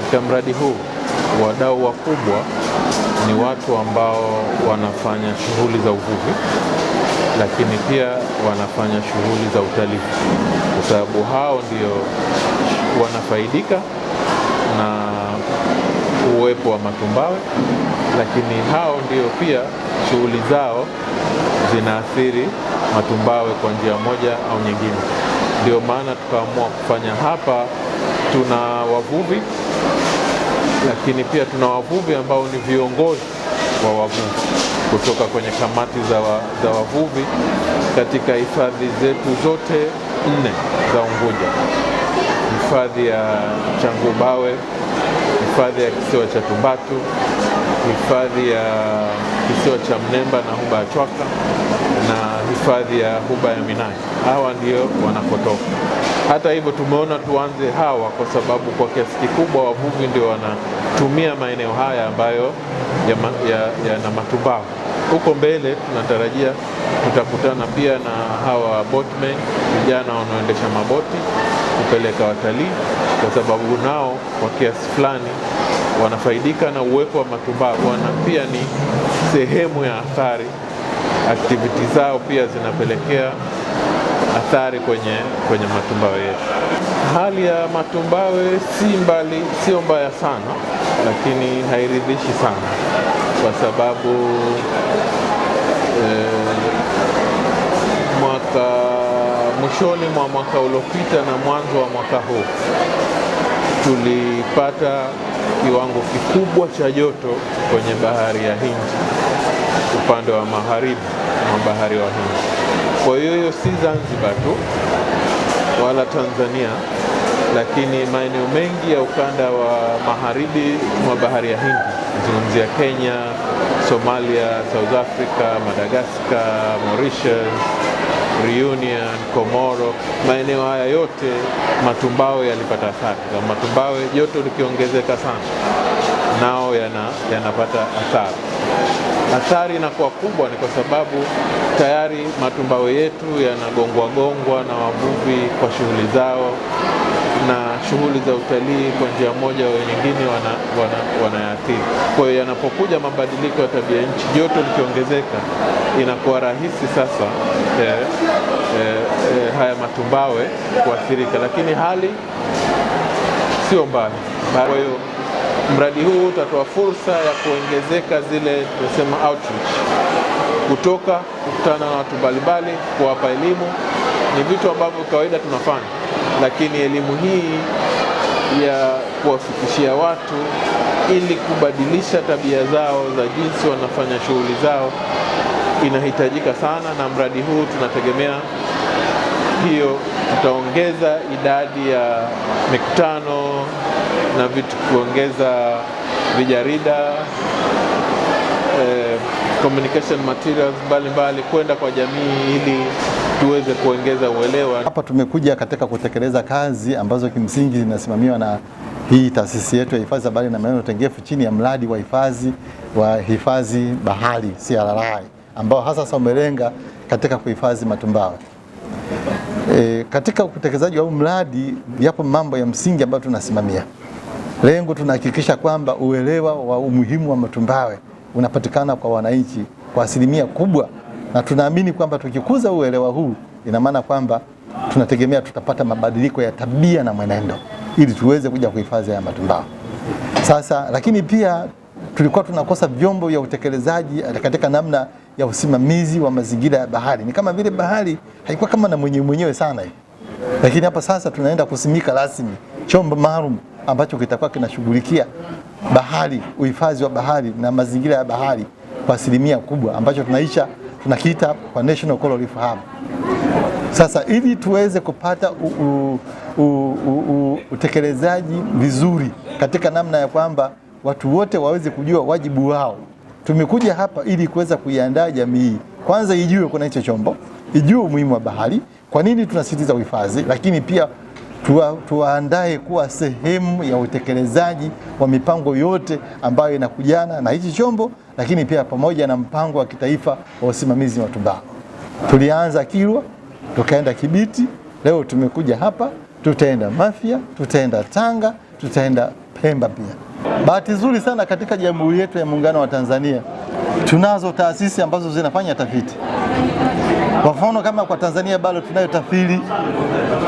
Katika mradi huu wadau wakubwa ni watu ambao wanafanya shughuli za uvuvi, lakini pia wanafanya shughuli za utalii, kwa sababu hao ndio wanafaidika na uwepo wa matumbawe, lakini hao ndio pia shughuli zao zinaathiri matumbawe kwa njia moja au nyingine. Ndio maana tukaamua kufanya hapa, tuna wavuvi lakini pia tuna wavuvi ambao ni viongozi wa wavuvi kutoka kwenye kamati za, wa, za wavuvi katika hifadhi zetu zote nne za Unguja: hifadhi ya Changubawe, hifadhi ya kisiwa cha Tumbatu, hifadhi ya kisiwa cha Mnemba na huba ya Chwaka na hifadhi ya huba ya Minai. Hawa ndio wanakotoka. Hata hivyo tumeona tuanze hawa, kwa sababu kwa kiasi kikubwa wavuvi ndio wanatumia maeneo haya ambayo yana ya, ya matumbaku. Huko mbele tunatarajia tutakutana pia na hawa boatmen, vijana wanaoendesha maboti kupeleka watalii, kwa sababu nao kwa kiasi fulani wanafaidika na uwepo wa matumbaku, wana pia ni sehemu ya athari. Aktiviti zao pia zinapelekea mstari kwenye, kwenye matumbawe yetu. Hali ya matumbawe si mbali, sio mbaya sana, lakini hairidhishi sana kwa sababu eh, mwaka mwishoni mwa mwaka uliopita na mwanzo wa mwaka huu tulipata kiwango kikubwa cha joto kwenye bahari ya Hindi upande wa magharibi mwa bahari wa Hindi kwa hiyo hiyo si Zanzibar tu wala Tanzania, lakini maeneo mengi ya ukanda wa magharibi mwa bahari ya Hindi, zungumzia Kenya, Somalia, South Africa, Madagascar, Mauritius, Reunion, Komoro, maeneo haya yote matumbawe yalipata athari. Kwa matumbawe joto likiongezeka sana, nao yanapata yana athari. Athari inakuwa kubwa ni kwa sababu tayari matumbawe yetu yanagongwa gongwa na wavuvi kwa shughuli zao na shughuli za utalii kwa njia moja au nyingine wanayaathiri. Kwa hiyo yanapokuja mabadiliko ya tabia nchi, joto likiongezeka, inakuwa rahisi sasa eh, eh, eh, haya matumbawe kuathirika, lakini hali sio mbaya. Kwa hiyo Mradi huu utatoa fursa ya kuongezeka zile tunasema outreach, kutoka kukutana na watu mbalimbali, kuwapa elimu. Ni vitu ambavyo kawaida tunafanya, lakini elimu hii ya kuwafikishia watu ili kubadilisha tabia zao za jinsi wanafanya shughuli zao inahitajika sana, na mradi huu tunategemea hiyo tutaongeza idadi ya mikutano na vitu, kuongeza vijarida eh, communication materials mbalimbali kwenda kwa jamii ili tuweze kuongeza uelewa. Hapa tumekuja katika kutekeleza kazi ambazo kimsingi zinasimamiwa na hii taasisi yetu ya hifadhi za bahari na maeneo tengefu chini ya mradi wa hifadhi wa hifadhi bahari CRRI ambao hasa sasa umelenga katika kuhifadhi matumbawe. E, katika utekelezaji wa mradi yapo mambo ya msingi ambayo tunasimamia. Lengo tunahakikisha kwamba uelewa wa umuhimu wa matumbawe unapatikana kwa wananchi kwa asilimia kubwa, na tunaamini kwamba tukikuza uelewa huu, ina maana kwamba tunategemea tutapata mabadiliko ya tabia na mwenendo ili tuweze kuja kuhifadhi haya matumbawe sasa, lakini pia tulikuwa tunakosa vyombo vya utekelezaji eh, katika namna ya usimamizi wa mazingira ya bahari. Ni kama vile bahari haikuwa kama na mwenyewe mwenyewe sana hii. lakini hapa sasa tunaenda kusimika rasmi chombo maalum ambacho kitakuwa kinashughulikia bahari, uhifadhi wa bahari na mazingira ya bahari kwa asilimia kubwa, ambacho tunaisha tunakiita kwa National Coral Reef Hub. Sasa ili tuweze kupata u, u, u, u, u, utekelezaji vizuri katika namna ya kwamba watu wote waweze kujua wajibu wao. Tumekuja hapa ili kuweza kuiandaa jamii, kwanza ijue kuna hicho chombo, ijue umuhimu wa bahari, kwa nini tunasisitiza uhifadhi, lakini pia tuwa, tuwaandae kuwa sehemu ya utekelezaji wa mipango yote ambayo inakujana na hichi chombo, lakini pia pamoja na mpango wa kitaifa wa usimamizi wa tumbaku. Tulianza Kilwa, tukaenda Kibiti, leo tumekuja hapa, tutaenda Mafia, tutaenda Tanga, tutaenda Pemba pia. Bahati nzuri sana katika Jamhuri yetu ya Muungano wa Tanzania tunazo taasisi ambazo zinafanya tafiti. Kwa mfano kama kwa Tanzania bado tunayo TAFIRI,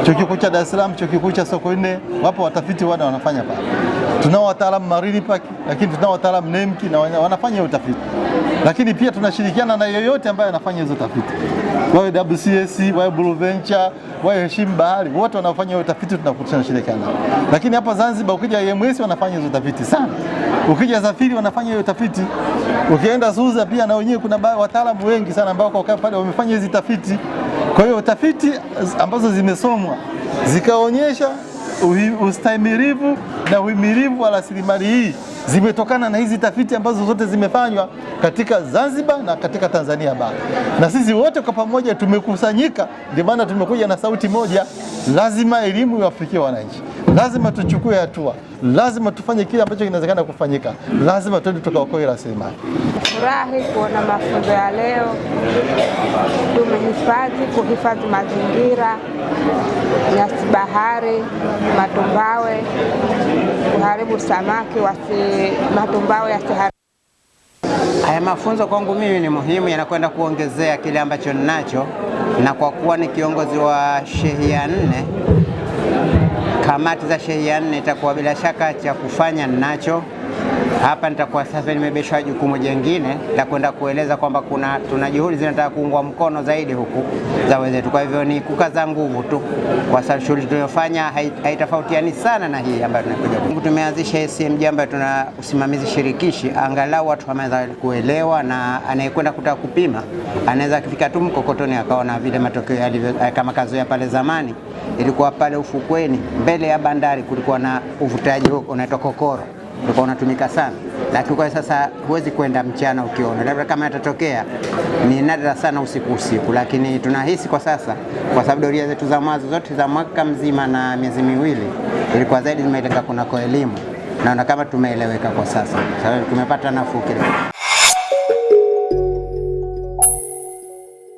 chuo kikuu cha Dar es Salaam, chuo kikuu cha Sokoine, wapo watafiti wana wanafanya pale tunao wataalamu pak lakini tunao wataalamu Nemki na wanafanya utafiti, lakini pia tunashirikiana na yoyote ambaye anafanya hizo tafiti, wawe WCS, wawe Blue Venture, wawe Heshima Bahari, wote wanaofanya utafiti tunashirikiana Lakini hapa Zanzibar ukija IMS wanafanya hizo tafiti sana, ukija Zafiri wanafanya hiyo tafiti, ukienda Suza pia na wenyewe kuna wataalamu wengi sana ambao kwa pale wamefanya hizi tafiti. Kwa hiyo tafiti ambazo zimesomwa zikaonyesha ustahimilivu na uhimilivu wa rasilimali hii zimetokana na hizi tafiti ambazo zote zimefanywa katika Zanzibar na katika Tanzania bara, na sisi wote kwa pamoja tumekusanyika, ndio maana tumekuja na sauti moja, lazima elimu iwafikie wananchi lazima tuchukue hatua, lazima tufanye kile ambacho kinawezekana kufanyika, lazima twende tukaokoe rasilimali. Furahi kuona mafunzo ya leo, tumehifadhi kuhifadhi mazingira, nyasi bahari, matumbawe kuharibu samaki wasi, matumbawe yasiharibu. Haya mafunzo kwangu mimi ni muhimu, yanakwenda kuongezea kile ambacho ninacho, na kwa kuwa ni kiongozi wa shehia nne Kamati za shehia nne itakuwa bila shaka cha kufanya ninacho hapa nitakuwa sasa nimebeshwa jukumu jingine la kwenda kueleza kwamba kuna tuna juhudi zinataka kuungwa mkono zaidi huku za wenzetu. Kwa hivyo ni kukaza nguvu tu, kwa sababu shughuli tunayofanya haitofautiani sana na hii ambayo tunakuja. Tumeanzisha SMG ambayo tuna usimamizi shirikishi, angalau watu wameanza kuelewa, na anayekwenda kutaka kupima anaweza akifika tu mkokotoni akaona vile matokeo yalivyo. Eh, kama ya pale zamani, ilikuwa pale ufukweni mbele ya bandari kulikuwa na uvutaji unaitwa kokoro ulikuwa unatumika sana, lakini kwa sasa huwezi kwenda mchana ukiona, labda kama yatatokea ni nadra sana usiku usiku, lakini tunahisi kwa sasa, kwa sababu doria zetu za mwanzo zote za mwaka mzima na miezi miwili ilikuwa zaidi zimelenga kunako elimu, naona kama tumeeleweka kwa sasa, sababu tumepata nafuu kidogo.